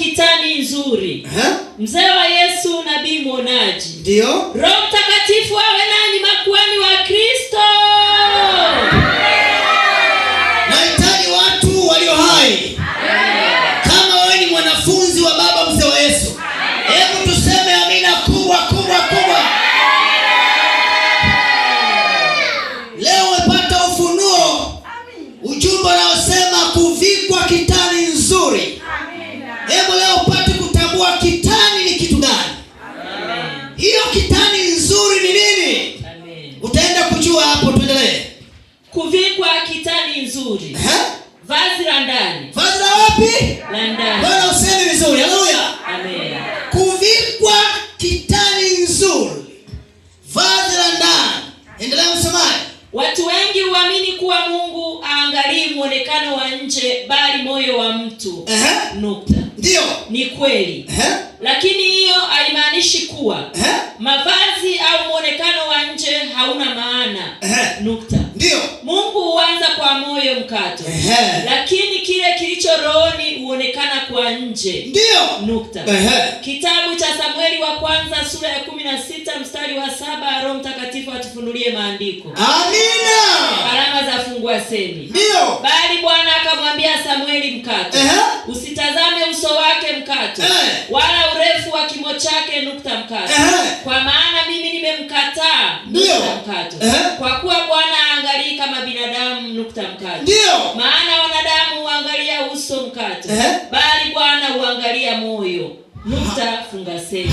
kitani nzuri, eh? mzee wa Yesu, nabii mwonaji, ndio Roho Mtakatifu awe hiyo kitani nzuri ni nini? Utaenda kujua hapo, tuendelee. Kuvikwa kitani nzuri. Vazi la ndani. Vazi la wapi? La ndani. Bwana useme vizuri. Haleluya. Amen. Kuvikwa kitani nzuri. Vazi la ndani. Endelea msomaji. Watu wengi huamini kuwa Mungu aangalii muonekano wa nje bali moyo wa mtu. Nukta. Ndio. Ni kweli. Eh? lakini hiyo haimaanishi kuwa eh? mavazi au mwonekano wa nje hauna maana eh. nukta ndio Mungu huanza kwa moyo mkato eh, lakini kile kilicho rohoni huonekana kwa nje ndio nukta Ehe. kitabu cha Samueli wa kwanza sura ya kumi na sita mstari wa saba Roho Mtakatifu atufunulie maandiko amina alama za fungua semi ndio bali Bwana akamwambia Samueli mkato usitazame uso wake mkato wala ndio eh? kwa kuwa Bwana angalii kama binadamu nukta mkato, ndio maana wanadamu huangalia uso mkato eh? bali Bwana huangalia moyo nukta fungaseni.